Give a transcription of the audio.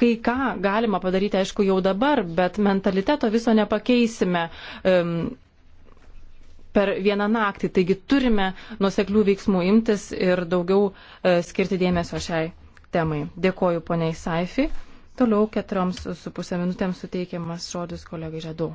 kai ką galima padaryti, aišku, jau dabar, bet mentaliteto viso nepakeisime um, per vieną naktį. Taigi turime nuseklių veiksmų imtis ir daugiau uh, skirti dėmesio šiai temai. Dėkoju poniai Saifi. Toliau keturioms su pusę minutėms suteikiamas žodis kolegai Žadu.